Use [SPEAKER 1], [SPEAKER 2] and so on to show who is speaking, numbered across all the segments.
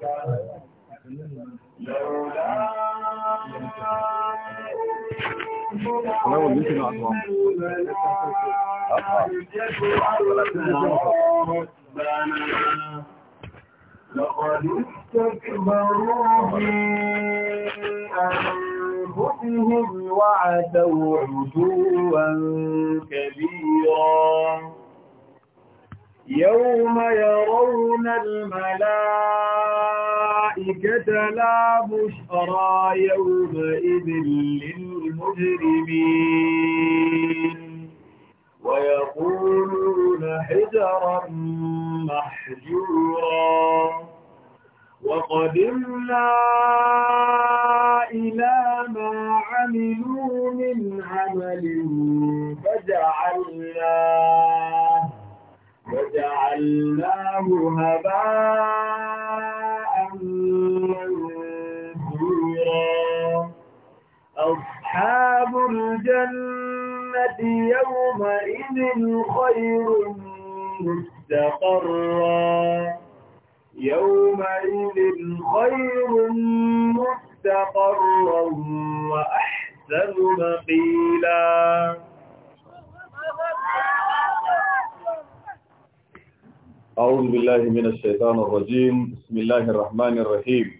[SPEAKER 1] لولا ولو بنت الأطعام لقد استكبروا في أنفسهم وعتوا عتوا كبيرا يوم يرون الملائكة تلك لا بشرى يومئذ للمجرمين ويقولون حجرا محجورا وقدمنا إلى ما عملوا من عمل فجعلناه فجعلناه هباء أصحاب الجنة يومئذ خير مستقرا يومئذ خير مستقرا وأحسن مقيلا
[SPEAKER 2] أعوذ بالله من الشيطان الرجيم بسم الله الرحمن الرحيم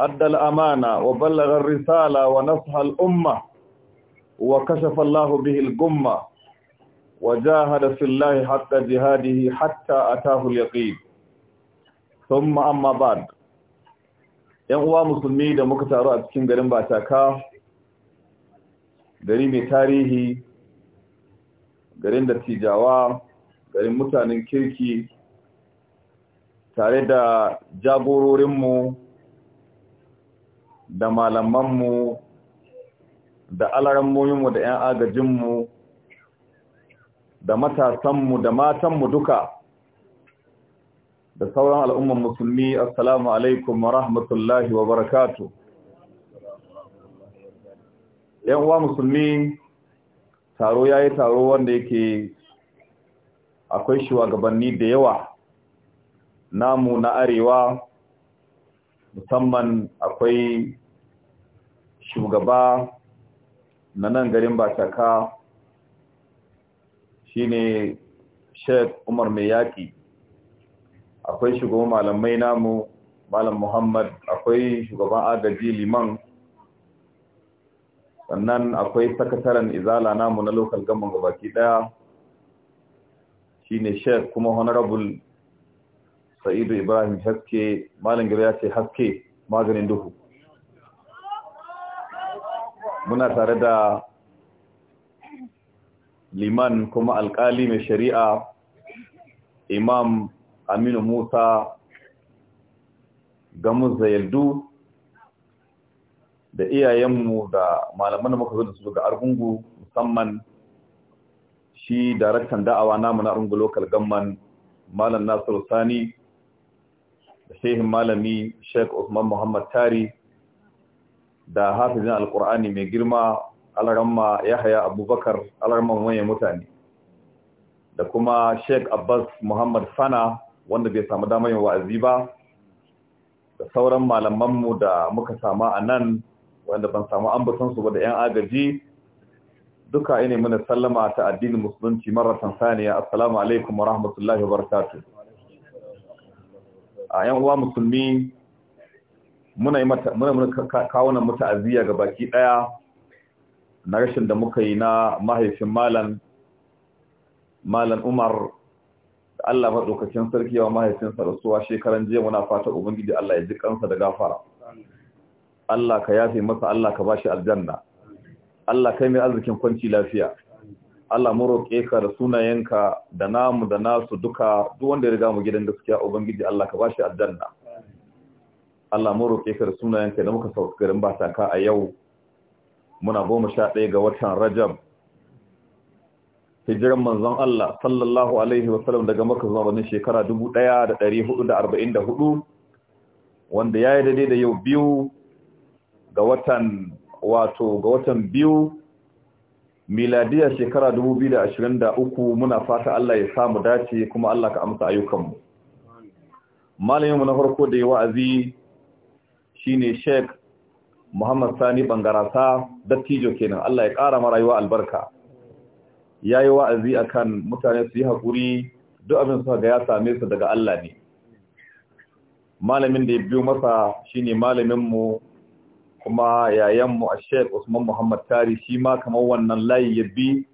[SPEAKER 2] أدى الأمانة وبلغ الرسالة ونصح الأمة وكشف الله به الجمة وجاهد في الله حتى جهاده حتى أتاه اليقين ثم أما بعد ‘yan uwa musulmi da muka taru a cikin garin bataka gari mai tarihi garin dattijawa garin mutanen kirki tare da jagororinmu da malamanmu da alarammoyinmu da 'yan agajinmu da matasanmu da matanmu duka da sauran al'umman musulmi assalamu alaikum wa rahmatullahi wa barakatu yan uwa musulmi taro ya yi taro wanda yake akwai shugabanni da yawa namu na arewa musamman akwai shugaba na nan garin bataka shine sheikh umar mai yaƙi akwai shugaban malamai namu malam muhammad akwai shugaban agaji liman sannan akwai sakataren izala namu na lokal gaman gabaki daya shine sheikh kuma honorable sa'idu ibrahim haske malam gaba ya ce haske maganin duhu muna tare da liman kuma alkali mai shari'a imam aminu musa gamus da da iyayenmu da malaman muka zo da su ga argungu musamman shi daraktan da'awa namu na argungu lokal gamman malam nasiru sani shehin malami shek Usman Muhammad Tari da hafizin alkur'ani mai girma alaramma Yahaya Abubakar alarama manyan mutane da kuma shek Abbas Muhammad Fana wanda bai samu damar yin wa'azi ba da sauran malamanmu da muka sama a nan wanda ban samu su ba da 'yan agaji duka ina muna sallama ta addinin musulunci marar Tansaniya. assalamu alaikum wa rahmatullahi wa barakatuh a yan uwa musulmi muna yi mata muna muna kawo nan ga baki daya na rashin da muka yi na mahaifin malam malan Umar Allah madaukakin sarki wa mahaifinsa rasuwa shekaran jiya muna fata ubangiji Allah ya ji kansa da gafara Allah ka yafe masa Allah ka bashi aljanna Allah kai mai arzikin kwanci lafiya Allah mu roƙe ka da sunayenka da namu da nasu duka duk wanda ya riga mu gidan gaskiya ubangiji Allah ka bashi aljanna Allah mu roƙe ka da sunayenka da muka sauka garin ka a yau muna goma sha ɗaya ga watan Rajab hijiran manzon Allah sallallahu alaihi wa sallam daga Makka zuwa wannan shekara 1444 wanda yayi daidai da yau biyu ga watan wato ga watan biyu miladiyar shekara dubu biyu da 2023 muna fata Allah ya samu dace kuma Allah ka amsa ayyukanmu malaminmu na farko da yi wa'azi shine Sheikh Muhammad Sani Bangarasa dattijo kenan Allah ya ƙara mara rayuwa albarka yi wa'azi a kan mutane su yi haƙuri, duk abin su ga ya same su daga Allah ne malamin da ya biyo masa shine malaminmu kuma yayanmu a sheik usman muhammad tari shi ma kamar wannan layi ya bi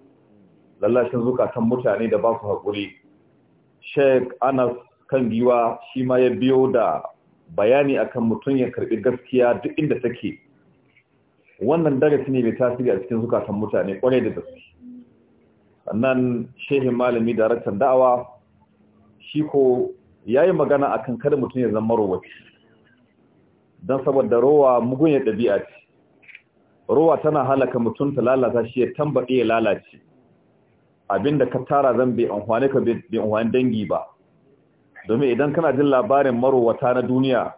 [SPEAKER 2] lallashin zukatan mutane da ba su haƙuri Sheikh anas kan giwa shi ma ya biyo da bayani akan mutum ya karɓi gaskiya duk inda take wannan darasi ne mai tasiri a cikin zukatan mutane kwarai da gaske sannan shehin malami daraktan da'awa shi ko ya yi magana akan kada mutum ya zama marowaci don saboda rowa mugun ya ɗabi'a ce rowa tana halaka mutum ta lalata shi ya tambaɗe ya lalace abinda ka tara zan bai amfani ka bai amfani dangi ba domin idan kana jin labarin marowata na duniya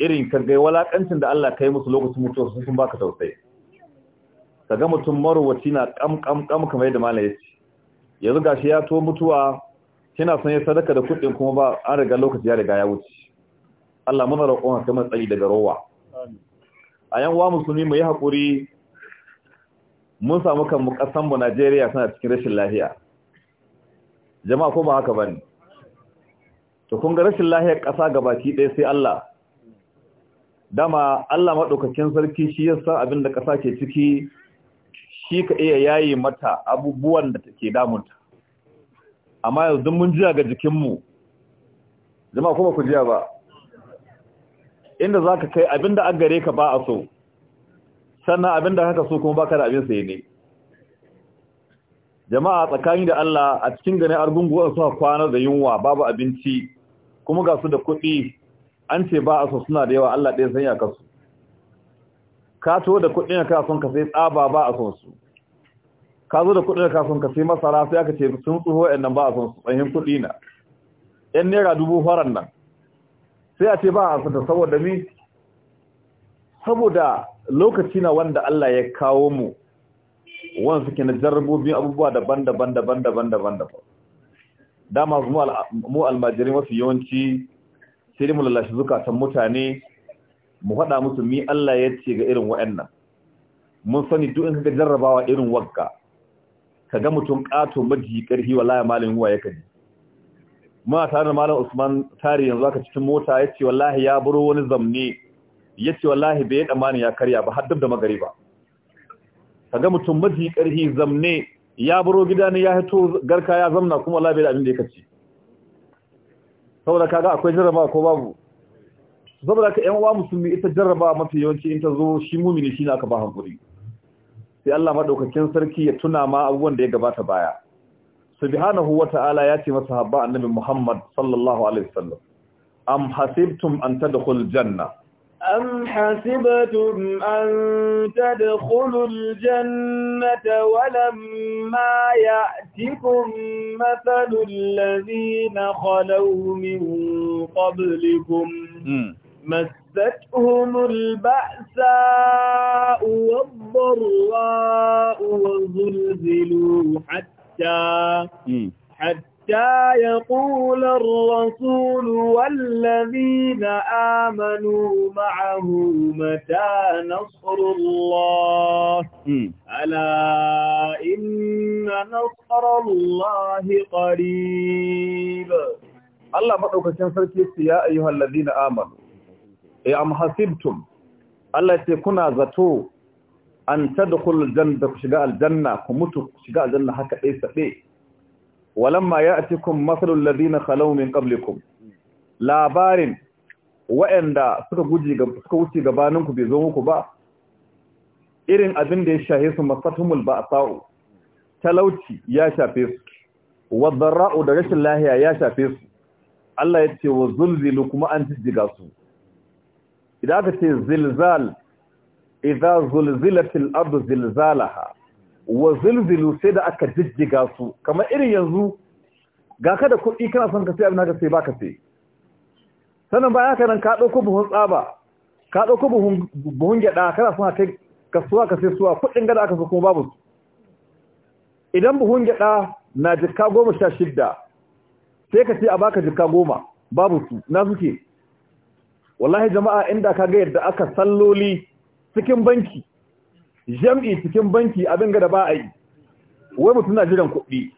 [SPEAKER 2] irin gai walakancin da Allah kai musu lokacin mutuwa sun sun baka tausayi kaga mutum marowaci na kam kam kam kamar yadda malai ce yanzu gashi ya to mutuwa kina son ya sadaka da kuɗin kuma ba an riga lokaci ya riga ya wuce Allah muna roƙon ka matsayi daga rowa a yan wa musulmi mu yi haƙuri mun samu kan ƙasan mu Najeriya suna cikin rashin lafiya jama'a ko ba haka bane to kun ga rashin lahiyar ƙasa gabaki ɗaya sai Allah dama Allah maɗaukakin sarki shi ya san abin da ƙasa ke ciki shi ka iya yayi mata abubuwan da take damunta amma yanzu mun jiya ga jikinmu jama'a ba ku jiya ba inda za ka kai abinda an gare ka ba a so sannan abinda haka so kuma baka da abin sai ne jama'a tsakani da Allah a cikin gane argunguwar su kwana da yunwa babu abinci kuma ga su da kuɗi an ce ba a so suna da yawa Allah ɗaya sanya ka su. ka to da kuɗin ka son ka sai tsaba ba a son su ka zo da kuɗin ka son ka sai masara sai aka ce sun tsoho ɗan ba a son su tsayin kuɗi na ɗan naira dubu faran nan sai a ce ba a fita saboda mi saboda lokaci na wanda Allah ya kawo mu wanda suke na jarrabobin abubuwa daban-daban daban-daban daban-daban dama mu almajiri mafi yawanci sai dai mu lalashi zukatan mutane mu faɗa musu mi Allah ya ce ga irin wa'annan mun sani duk in kaga jarrabawa irin ka ga mutum ƙato maji ƙarfi wallahi malin huwa ya kaji. muna tare da malam Usman tare yanzu aka cikin mota ya ce wallahi ya buru wani zamne ya ce wallahi bai tsammani ya karya ba har da Ka ga mutum maji karhi zamne ya buru gida ne ya hito garka ya zamna kuma wallahi bai da abin da yake ci saboda kaga akwai jarraba ko babu saboda ka yan uwa musulmi ita jarraba mafi yawanci in ta zo shi mumini shine aka ba hankuri sai Allah madaukakin sarki ya tuna ma abubuwan da ya gabata baya سبحانه وتعالى ياتي مصحابه النبي محمد صلى الله عليه وسلم ام حسبتم ان تدخل الجنه
[SPEAKER 1] ام حسبتم ان تدخلوا الجنه ولما يأتكم مثل الذين خلوا من قبلكم مستهم الباساء والضراء والزلزلوا حتى حتى حتى يقول الرسول والذين آمنوا معه متى نصر الله ألا إن نصر
[SPEAKER 2] الله قريب الله مدوكاكين سركي يا أيها الذين آمنوا يا أم حسبتم الله تكون زتو an tadkhul da ku shiga aljanna ku mutu ku shiga aljanna haka dai sabe walamma ya'tikum mathalul ladina khalaw min qablikum labarin waɗanda suka guji suka wuce gabaninku bai zo muku ba irin abin da ya shahe su masatumul sa'u. talauci ya shafe su wadarra'u da rashin lahiya ya shafe su Allah ya ce wa zulzilu kuma an jijjiga su idan aka ce zilzal idza zulzilatil ardu zilzalaha wa zulzilu sai da aka jijjiga su kamar irin yanzu ga ka da kuɗi kana son ka sai abin haka sai baka sai sannan baya ka nan ka ɗauko buhun tsaba ka ɗauko buhun gyaɗa kana son ka kasuwa ka sai suwa kuɗin gada aka so kuma babu su idan buhun gyaɗa na jikka goma sha shidda sai ka ce a baka jikka goma babu su na suke wallahi jama'a inda ka ga yadda aka salloli cikin banki jam'i cikin banki abin ga da ba a yi wai mutum na jiran kuɗi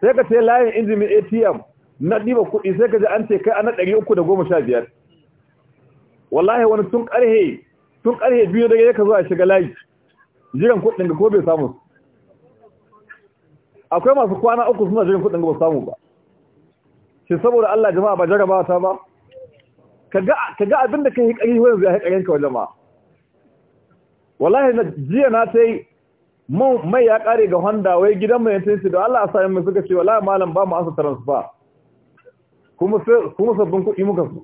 [SPEAKER 2] sai ka sai layin injimin atm na ɗiba kuɗi sai ka ji an ce kai ana ɗari uku da goma sha biyar wallahi wani tun ƙarhe tun ƙarhe biyu daga ya ka zo a shiga layi jiran kuɗin ga ko bai samu akwai masu kwana uku suna jiran kuɗin ga ba samu ba shi saboda Allah jama'a ba jarabawa ta ba ka ga abin da kai ƙari wani zai haƙarin ka wajen ma wallahi na jiya na sai mai ya kare ga Honda wai gidan mai yantin su da Allah ya sayin mai suka ce wallahi malam ba mu asa transfer kuma kuma sabbin kuɗi muka su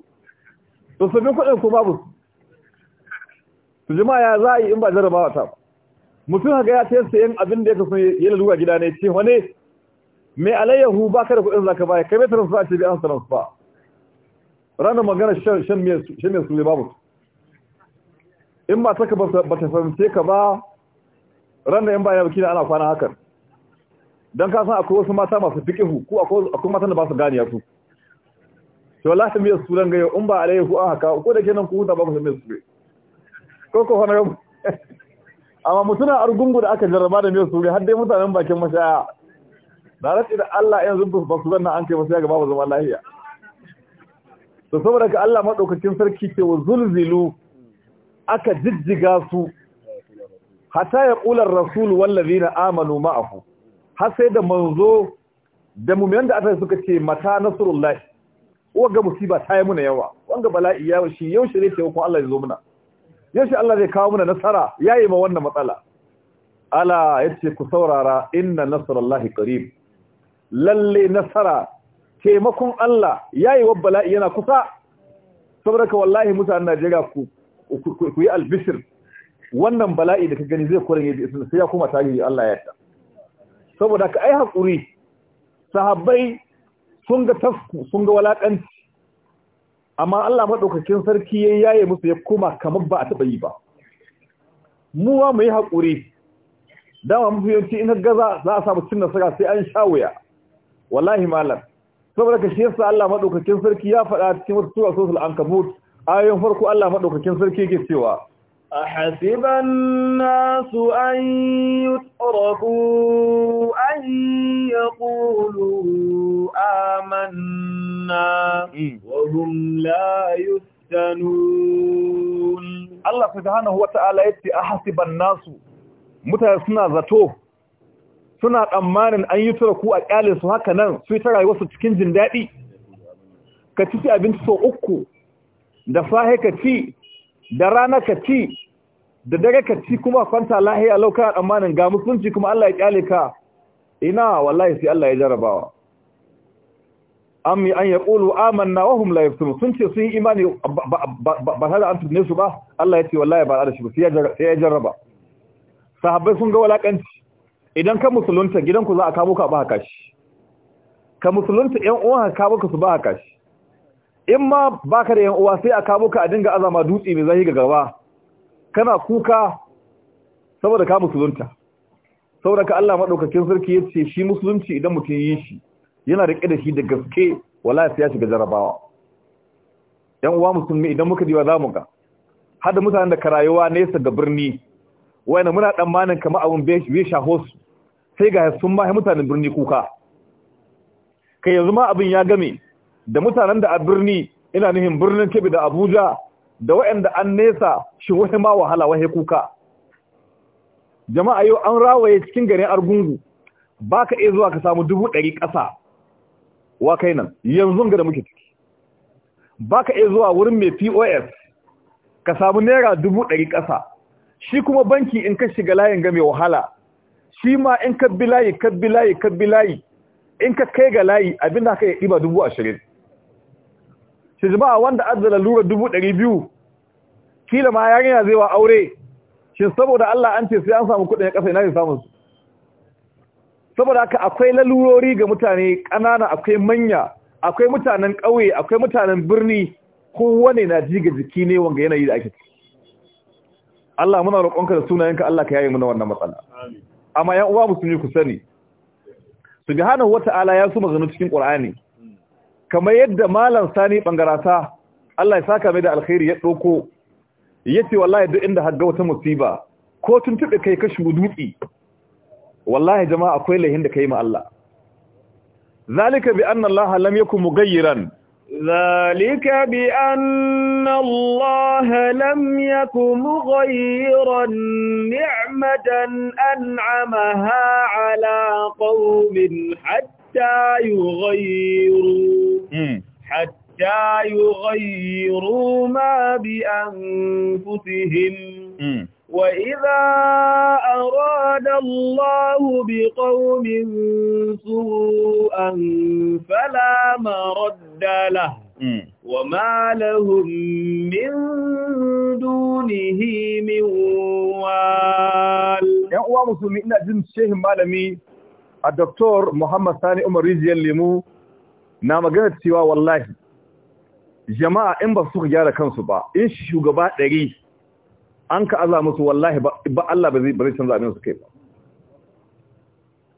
[SPEAKER 2] to sabbin kuɗin ko babu su jama'a ya za yi in ba jarabawa ta mutum haka ya ce sayan abin da ya kasu ya laluwa gida ne ce wani mai alayyahu ba ka da kuɗin zaka baya kai mai transfer ce bi an transfer ranar magana shan mai su babu su in ba saka ba ta fahimce ka ba ran da in ba ya baki da ana kwana hakan don ka san akwai wasu mata masu fikihu ko akwai matan da ba su gani su to Allah ta miyar suran gayo in ba alaihu ku an haka ko da kenan ku huta ba ku san su ne ko ko hana amma mutuna argungu da aka jarraba da miyar ne har dai mutanen bakin mashaya da rashin da Allah yanzu ba su zanna an kai ba sai ga babu zama lafiya to saboda ka Allah madaukakin sarki ce wa zulzilu aka jijjiga su hata ya ƙular rasul wallazi na amanu ma'ahu har sai da manzo da mumiyan da aka suka ce mata nasrullahi ga musiba ta yi muna yawa wanga bala'i ya shi yau shi zai ce ko Allah ya zo muna yau shi Allah zai kawo muna nasara yayi ma wannan matsala ala yace ku saurara inna nasrullahi qarib lalle nasara taimakon Allah yayi wa bala'i yana kusa saboda ka wallahi mutanen Najeriya ku ku yi albishir wannan bala'i da ka gani zai kuren isa. sai ya kuma tarihi Allah ya ta saboda ka ai haƙuri sahabbai sun ga tasku sun ga walaƙanci amma Allah maɗaukakin sarki ya yaye musu ya koma kamar ba a taɓa yi ba mu wa mu yi haƙuri dama mafi yawanci in gaza za a samu cin nasara sai an sha wuya wallahi malam saboda ka shi yasa Allah maɗaukakin sarki ya faɗa cikin wasu sura sosul ankabut ayoyin farko Allah madaukakin sarki ke cewa A hasiban
[SPEAKER 1] nasu أحسب الناس أن يتركوا أن يقولوا Allah وهم لا
[SPEAKER 2] يفتنون الله ya ce a hasiban nasu mutane suna zato suna tsammanin an yi turaku a ƙyalinsu haka nan su yi ta rayuwarsu cikin jin daɗi ka ci abinci sau uku da fahe ka ci da rana ka ci da dare ka ci kuma kwanta a lauka amanin ga musulunci kuma Allah ya kyale ka ina wallahi sai Allah ya jarabawa ammi an yaqulu amanna wa hum la yaftun sun ce sun yi imani ba tare an tunne su ba Allah ya ce wallahi ba da shi ba sai ya jarraba sahabbai sun ga walakanci idan ka musulunta gidanku za a kamo ka ba haka shi ka musulunta ƴan uwan ka kamo ka su ba haka shi in ma baka da yan uwa sai a kamo ka a dinga azama dutse mai zahi ga gaba kana kuka saboda ka musulunta saboda ka Allah madaukakin sarki yace shi musulunci idan mutum yi shi yana rike da shi da gaske wallahi sai ya shiga jarabawa yan uwa musulmi idan muka diwa zamu ga hada mutanen da karayuwa nesa ga birni wayanda muna tsammanin kamar abun bai shaho hosu, sai ga sun ma mutanen birni kuka kai yanzu ma abin ya game da mutanen da a birni ina nihin birnin kebe da abuja da waɗanda an nesa shi wahi ma wahala wahi kuka jama'a yau an rawaye cikin garin argungu ba ka iya zuwa ka samu dubu ɗari ƙasa wa kai nan yanzu ga da muke ciki ba ka iya zuwa wurin mai pos ka samu naira dubu ɗari ƙasa shi kuma banki in ka shiga layin ga mai wahala shi ma in ka bi layi ka bi layi ka bi layi in ka kai ga layi abin da ka yi ɗiba dubu ashirin shi ba wanda azzala lura dubu ɗari biyu kila ma yarinya zai wa aure shi saboda Allah an ce sai an samu kuɗin ƙasa ina ne samu su saboda haka akwai lalurori ga mutane ƙanana akwai manya akwai mutanen ƙauye akwai mutanen birni kowane na ji ga jiki ne wanga yanayi da ake ci Allah muna roƙonka da sunayenka Allah ka yaye na wannan matsala amma yan uwa musulmi ku sani subhanahu wata'ala ya su magana cikin qur'ani kamar yadda malam sani bangarata Allah ya saka mai da alkhairi ya ɗauko ya ce wallahi duk inda hagga wata musiba ko tun tuɓe kai ka shigo dutse wallahi jama'a akwai laihin da kai ma Allah zalika bi anna Allah lam yakun mughayyiran ذلك
[SPEAKER 1] بأن الله لم يكن مغيرا نعمة أنعمها على قوم حتى يغيروا حتى يغيروا ما بأنفسهم وإذا أراد الله بقوم سوءا فلا مرد له وما لهم
[SPEAKER 2] من دونه من وال يعني uwa مسلمين ina الشيخ shehin الدكتور محمد ثاني Muhammad Sani Umar na magana cewa wallahi jama'a in ba su gyara kansu ba in shugaba ɗari an ka aza musu wallahi ba Allah ba zai canza abin su kai ba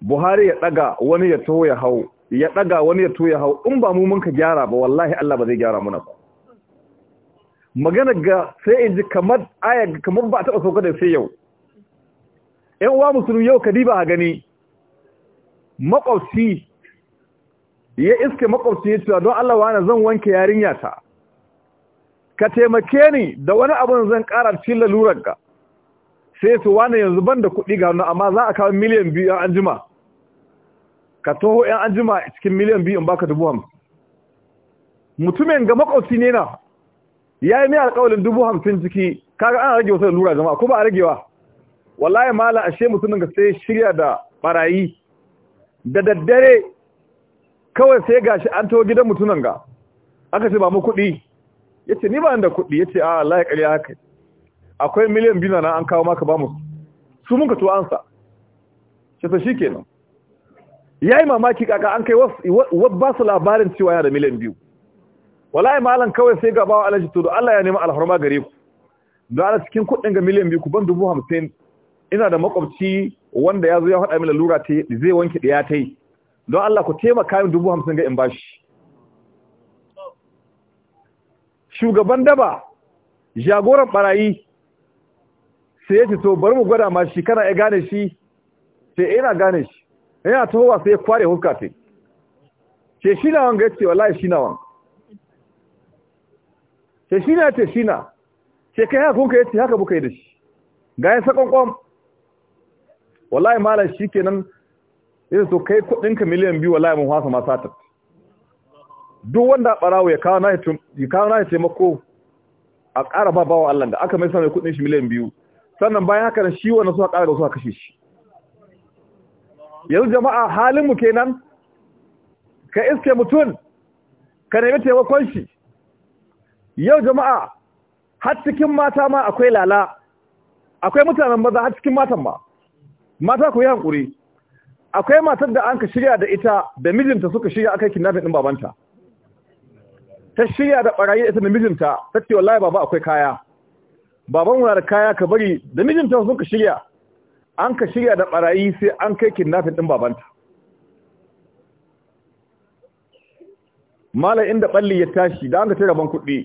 [SPEAKER 2] Buhari ya ɗaga wani ya to ya hau ya ɗaga wani ya to ya hau in ba mu mun ka gyara ba wallahi Allah ba zai gyara muna ba magana ga sai in ji kamar aya kamar ba taɓa sauka da sai yau ƴan uwa musulmi yau kadiba a gani makwabci ya iske makwabci ya cewa don Allah wane zan wanke yarinya ta ka taimake ni da wani abin zan ƙara cin lalurar ka sai su wani yanzu ban da kuɗi ga amma za a kawo miliyan biyu yan anjima ka taho yan anjima cikin miliyan biyu in baka dubu hamsin mutumin ga makwabci ne na ya yi mai alƙawalin dubu hamsin ciki kaga ana rage wasu lura jama'a ko ba a ragewa wallahi mala ashe mutumin ga sai shirya da barayi da daddare kawai sai gashi an tawo gidan mutunan ga aka ce ba mu kuɗi ya ce ni ba da kuɗi ya ce a Allah ya ƙarya haka akwai miliyan biyu na an kawo maka ba mu su mun ka to ansa ce nan Ya yi mamaki kaka an kai wasu ba su labarin cewa yana da miliyan biyu wallahi malam kawai sai ga bawa alaji to Allah ya nemi alharma gare ku don ana cikin kuɗin ga miliyan biyu ku ban dubu hamsin ina da makwabci wanda ya zo ya faɗa min lura ta zai wanke ɗaya ta yi don Allah ku taimaka min dubu hamsin ga in bashi shugaban daba jagoran barayi sai ya ce to bari mu gwada ma shi kana ya gane shi sai ina gane shi yana tahowa sai ya kware huska sai ce shi na wanga ya ce wallahi shi na wanga ce shi na ce shi na ce kai haka kuka ya ce haka buka yi da shi ga ya sakon kwam wallahi malam shi kenan yin so kai kudinka miliyan biyu wa mun hasa masu hatar duk wanda barawo ya kawo na ya taimako a ƙara ba bawa Allah da aka mai sanar kudin shi miliyan biyu sannan bayan haka shi wani suka ƙara da suka kashe shi yanzu jama'a halin mu kenan ka iske mutum ka nemi taimakon shi yau jama'a har cikin mata ma akwai lala akwai mutanen maza har cikin matan ma mata ku yi hankuri akwai matar da an ka shirya da ita da mijinta suka shirya aka kidnapping din babanta ta shirya da barayi ita da mijinta ta ce wallahi baba akwai kaya baban wani kaya ka bari da mijinta suka shirya an ka shirya da barayi sai an kai kidnapping din babanta mala inda balli ya tashi da an ka tare ban kuɗi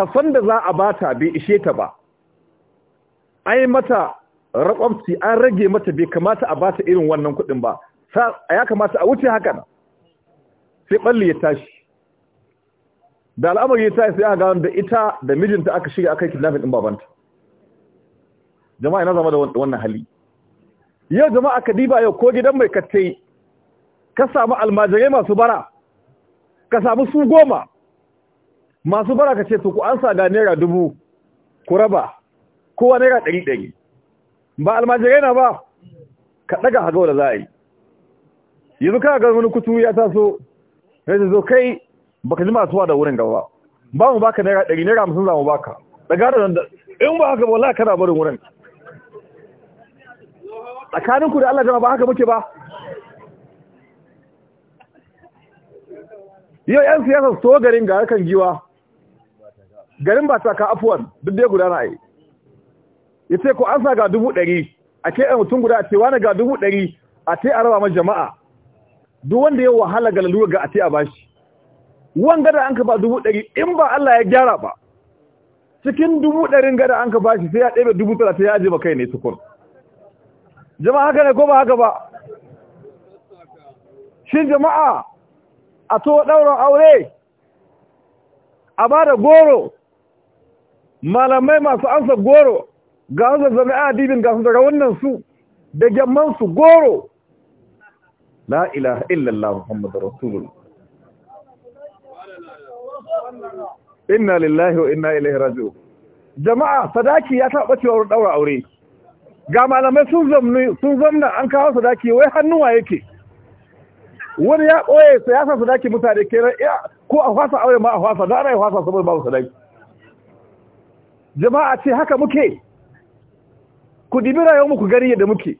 [SPEAKER 2] kafan da za a bata bai ishe ta ba ai mata raƙwamci an rage mata bai kamata a ba ta irin wannan kuɗin ba ya kamata a wuce haka sai ɓalli ya tashi da al'amari ya tashi sai aka gano da ita da mijinta aka shiga aka yi kidnapping ɗin babanta jama'a ina zama da wannan hali yau jama'a ka diba yau ko gidan mai kattai ka samu almajirai masu bara ka samu su goma masu bara ka ce to ku an sa ga naira dubu ku raba kowa naira ɗari ɗari ba almajirai na ba ka daga haga da za a yi yanzu ka ga wani kutu ya taso ya zo kai ka ji masu da wurin gaba ba mu baka naira ɗari naira hamsin za mu baka daga da nan da in ba haka wala kana barin wurin Tsakaninku da Allah jama ba haka muke ba yau yan siyasa so garin ga harkar giwa garin ba ta ka afuwan duk dai gudana a yi ya ce ko an sa ga dubu ɗari a ce mutum guda a ce wani ga dubu ɗari a ce a raba ma jama'a duk wanda ya wahala ga lalura ga a ce a bashi wanga gada an ka ba dubu ɗari in ba Allah ya gyara ba cikin dubu ɗarin gada an ka bashi sai ya ɗebe dubu ta yaje ba kai ne tukun jama'a haka ne ko ba haka ba shin jama'a a to ɗaurin aure a ba da goro malamai masu ansa goro ga zazzame adibin ga su wannan su da gyamman su goro la ilaha illallah muhammadur rasulun inna lillahi wa inna ilaihi raju jama'a sadaki ya taɓa cewa ɗaura aure ga malamai sun zamna an kawo sadaki wai hannuwa yake wani ya ɓoye sa ya sa sadaki mutane kenan ko a fasa aure ma a fasa da ana yi fasa saboda babu sadaki jama'a ce haka muke ku dibi rayu mu ku gari yadda muke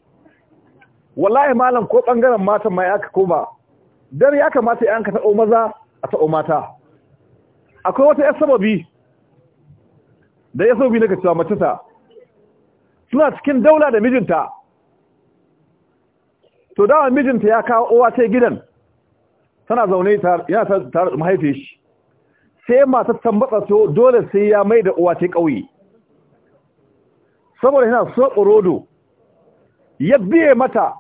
[SPEAKER 2] wallahi malam ko bangaren matan ma ya ka koma dan ya kamata ya ka ta'o maza a ta'o mata akwai wata yar sababi da ya sababi naka cewa mace ta suna cikin daula da mijinta to dawa mijinta ya kawo uwa ta gidan tana zaune yana tare da mahaifiyar sai masu tambatsa to dole sai ya mai da uwa ta ƙauye saboda yana so ƙorodo ya biye mata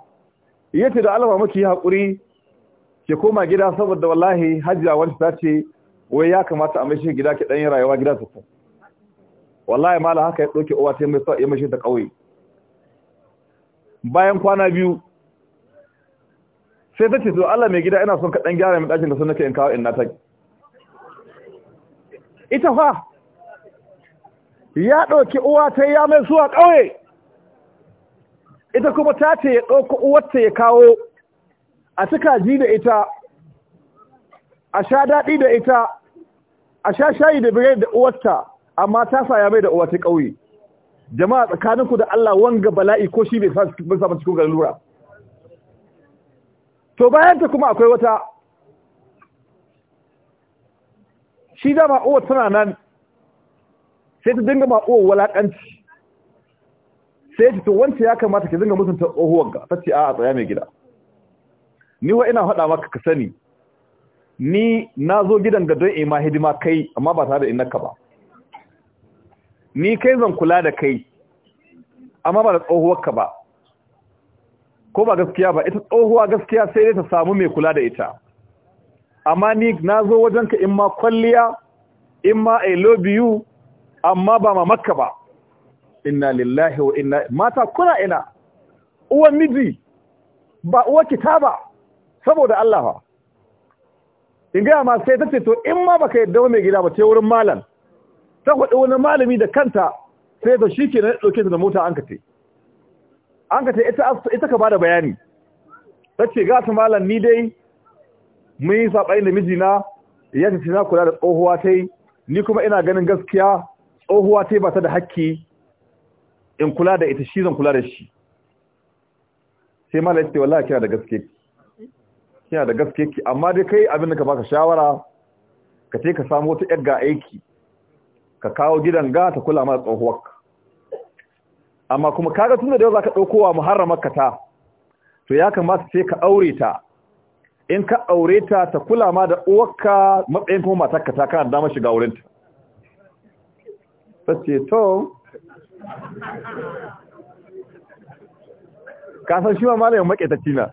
[SPEAKER 2] ya ce da alama maki haƙuri ke koma gida saboda wallahi hajjiya wani ta ce wai ya kamata a mashi gida ke ɗanyen rayuwa gida su wallahi mala haka ya ɗauke uwa ta yi mashi ta ƙauye bayan kwana biyu sai ta ce to Allah mai gida ina son ka ɗan gyara mai ɗakin da sun nake in kawo in na ta ita fa ya ɗauki uwa ta ya mai zuwa ƙauye ita kuma ta ce ya ɗauki uwarta ya kawo a cika ji da ita a sha daɗi da ita a sha shayi da birai da uwarta amma ta saya mai da uwarta ƙauye jama'a tsakaninku da Allah wanga bala'i ko shi bai samun cikin galura to bayanta kuma akwai wata shi dama uwar tana nan sai ta dinga ma walaƙanci sai ta wance ya kamata ki dinga mutunta uwar ga tace a a tsaya mai gida ni wa ina haɗa maka ka sani ni na zo gidan ga don ima hidima kai amma ba tare da inaka ba ni kai zan kula da kai amma ba da tsohuwarka ba ko ba gaskiya ba ita tsohuwa gaskiya sai dai ta samu mai kula da ita amma ni na zo wajenka in ma kwalliya in ma i love you amma ba ma makka ba inna lillahi wa inna mata kuna ina uwan miji ba uwa kitaba saboda Allah ba in gaya ma sai ta ce to in ma baka yadda mai gida ba ce wurin malam ta faɗi wani malami da kanta sai ta shi ke na ɗauke da mota an ka ce an ka ce ita ka bada bayani ta ce ga ta malam ni dai mun yi saɓani da mijina ya ce na kula da tsohuwa ta ni kuma ina ganin gaskiya tsohuwa ta ba ta da haƙƙi in kula da ita shi zan kula da shi sai mala ya ce wallahi kina da gaske kina da gaske ki amma dai kai abin da ka baka shawara ka ce ka samu wata yar ga aiki ka kawo gidan ga ta kula ma tsohuwarka amma kuma kaga tunda da yau zaka dauko wa ka ta to ya kamata sai ka aure ta in ka aure ta ta kula ma da uwarka matsayin kuma matarka ta kana da damar shiga wurinta ta ce to kasan shi ma malayin maƙetacci na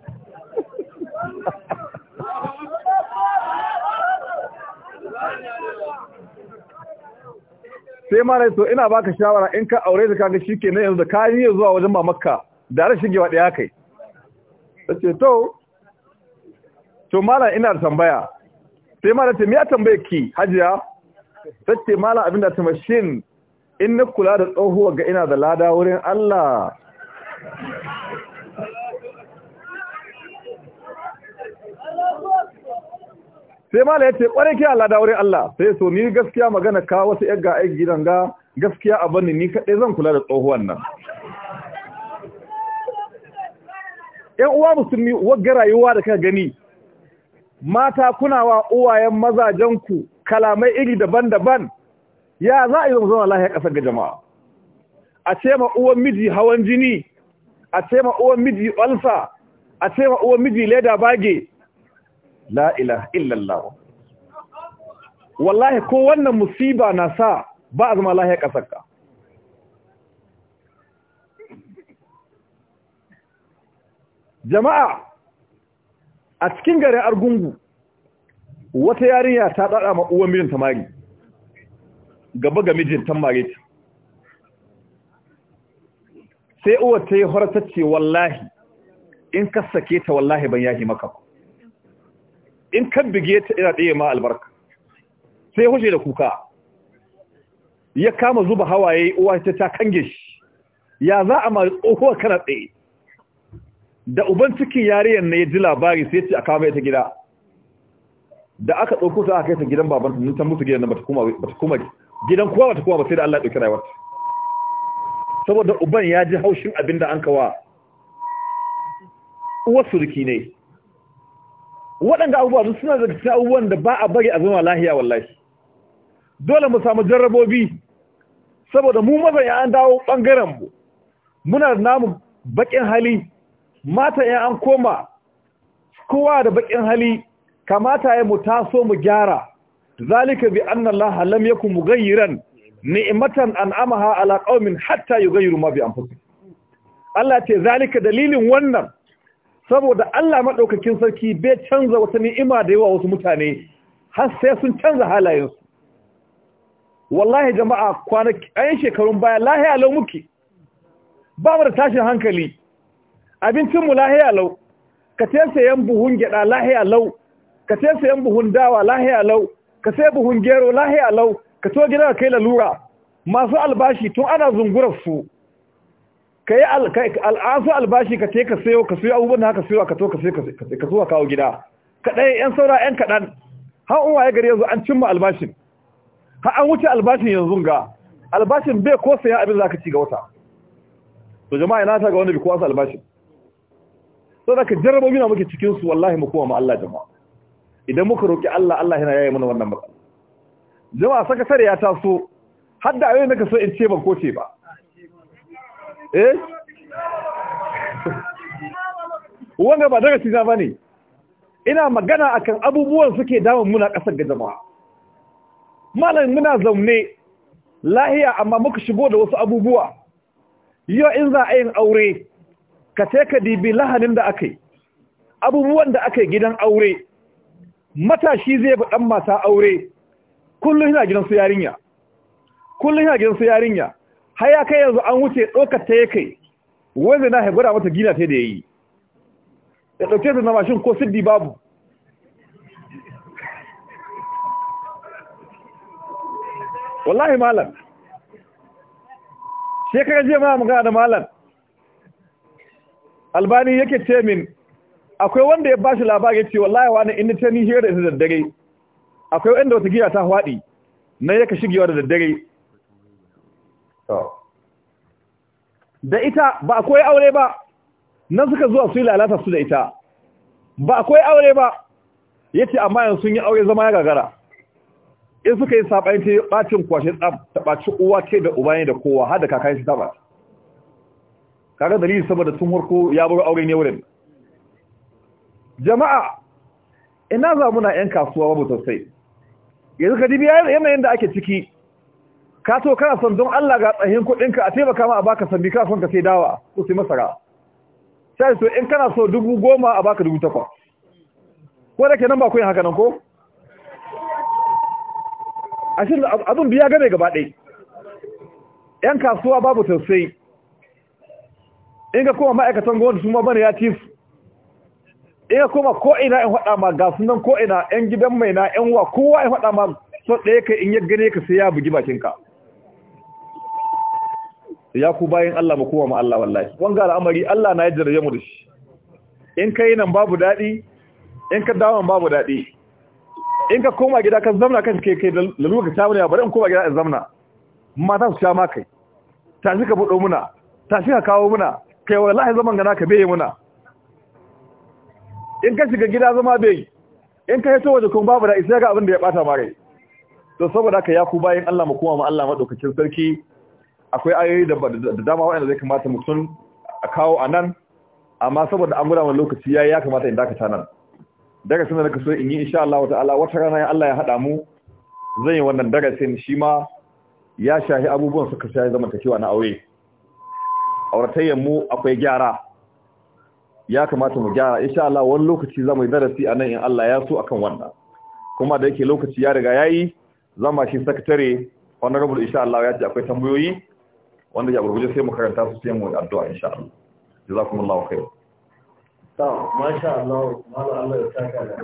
[SPEAKER 2] sai malayin to ina baka shawara in ka aure da kaga shi ke na yanzu da kayan yi zuwa wajen mamakka da har shige gewa ɗaya kai ta ce to to malayin ina da tambaya sai malayin ce miya tambayar ki hajiya ta ce malayin abinda ta mashin in na kula da tsohuwa ga ina da lada wurin Allah sai mala ya ce kware ki lada wurin Allah sai so ni gaskiya magana ka wasu yagga aiki gidan ga gaskiya a bani ni kaɗai zan kula da tsohuwan nan ‘yan uwa musulmi wagga rayuwa da ka gani mata kunawa wa uwayen mazajenku kalamai iri daban-daban ya za a yi zama zama lahiya ƙasar ga jama'a a ce ma uwan miji hawan jini a ce ma uwan miji ƙwalsa a ce ma uwan miji leda bage la ilaha illallah wallahi ko wannan musiba na sa ba a zama lahiya ƙasar ka jama'a a cikin gare argungu wata yarinya ta ɗaɗa ma uwan mijin tamari gaba ga mijin tambare ta sai uwar ta yi horata ce wallahi in ka sake ta wallahi ban yahi maka in kan bige ta ina ɗaya ma albarka sai hushe da kuka ya kama zuba hawaye uwa ta ta kange shi ya za a mara tsohuwa kana tsaye da uban cikin yariyar na ya ji labari sai ce a kama ta gida da aka ɗauko ta aka kai ta gidan babanta ta mutu gidan nan ba ta koma gidan kowa wata kowa ba sai da Allah ya rayuwarta saboda uban ya ji haushin abin da an kawa uwar surki ne waɗanda abubuwa suna daga cikin abubuwan da ba a bari a zama lahiya wallahi dole mu samu jarrabobi saboda mu maza ya an dawo ɓangaren mu muna da namu baƙin hali mata ya an koma kowa da baƙin hali kamata ya mu taso mu gyara zalika bi anna allaha lam yakun mughayyiran ni'matan an'amaha ala qaumin hatta yughayyiru ma bi anfusihim Allah ce zalika dalilin wannan saboda Allah madaukakin sarki bai canza wata ni'ima da yawa wasu mutane har sai sun canza halayensu wallahi jama'a kwanaki ayin shekarun baya lahiya lau muke ba mu da tashin hankali abincinmu lahiya lau ka te sayan buhun gyada lahiya lau ka te sayan buhun dawa lahiya lau ka sai buhun gero lahiya lau ka to gida kai lalura masu albashi tun ana zungurar su ka yi al'asu albashi ka ce ka sayo ka sayo abubuwan da haka sayo ka to ka sai ka zuwa kawo gida kaɗai yan saura yan kaɗan har uwa ya gari yanzu an cimma albashin har an wuce albashin yanzu ga albashin bai ko sayan abin za ka ci ga wata to jama'a yana ta ga wanda bi kowa su albashin da ka jarrabobi na muke cikinsu wallahi mu kuma ma Allah jama'a idan muka roƙi Allah Allah yana yaye mana wannan matsala jama'a sakatare ya taso har da ayoyin naka so in ce ban koce ba eh wanda ba daga cikin bane ina magana akan abubuwan suke damun muna kasar ga jama'a malam muna zaune lahiya amma muka shigo da wasu abubuwa yau in za a yin aure ka ce ka dibi lahanin da aka yi abubuwan da aka yi gidan aure matashi zai ba ɗan mata aure kullum yana gidan su yarinya kullum yana gidan su yarinya har ya kai yanzu an wuce ɗaukar ta ya kai zai na haibara mata gina ta da ya yi ya ɗauke su na mashin ko siddi babu wallahi malam Shekarar jiya ma magana da malam albani yake ce min akwai wanda ya bashi labari ya ce wallahi wani in ta ni hira da daddare akwai wanda wata giya ta hwaɗi na yaka shigewa da daddare da ita ba akwai aure ba nan suka zuwa su yi lalata su da ita ba akwai aure ba ya ce amma yanzu sun yi aure zama ya gagara in suka yi saɓani ta ɓacin kwashe ta ɓaci uwa ce da uba ne da kowa har da kakanshi ta ɓaci kaga dalili saboda tun harko ya bar aure ne wurin jama'a ina za muna 'yan kasuwa babu sosai yanzu ka dibi yanayin da ake ciki ka so kana son don Allah ga tsahin kuɗinka a taimaka ma a baka sabbi ka son ka sai dawa ko sai masara sai so in kana so dubu goma a baka dubu takwas ko da ke nan ba ku yin haka nan ko a shi abin biya game gaba ɗai ‘yan kasuwa babu tausayi in ga kuma ma'aikatan gwamnati su ma bane ya ci su eh kuma ko ina in faɗa ma ga sunan ko ina ƴan gidan mai na ƴan wa kowa in faɗa ma so ɗaya ka in ya gane ka sai ya bugi bakin ka ya ku bayan Allah mu kowa ma Allah wallahi wanga al'amari Allah na yadda ya mu da shi in kai nan babu daɗi in ka dawo babu daɗi in ka koma gida ka zamna kan kai kai lokacin ka samu ya bari in koma gida in zamna mata su sha ma kai tashi ka buɗo muna tashi ka kawo muna kai wallahi zaman gana ka beye muna in ka shiga gida zama bai in ka hito waje kuma babu da isa ga abin da ya bata mare to saboda haka ya ku bayan Allah mu kuma mu Allah madaukakin sarki akwai ayoyi da dama wanda zai kamata mutum a kawo anan amma saboda an gudanar lokaci yayi ya kamata in dakata nan darasin da ka so in yi insha Allah ta'ala wata rana Allah ya hada mu zan yi wannan darasin shi ma ya shahi abubuwan suka shahi cewa na aure auratayyan mu akwai gyara ya kamata mu gyara insha Allah wani lokaci zamu yi darasi anan in Allah ya so akan wannan kuma da yake lokaci ya riga yayi zama shi sakatare honorable insha Allah ya ji akwai tambayoyi wanda ya burguje sai mu karanta su sai mu addu'a insha Allah jazakumullahu khair
[SPEAKER 1] to masha Allah mallan Allah ya saka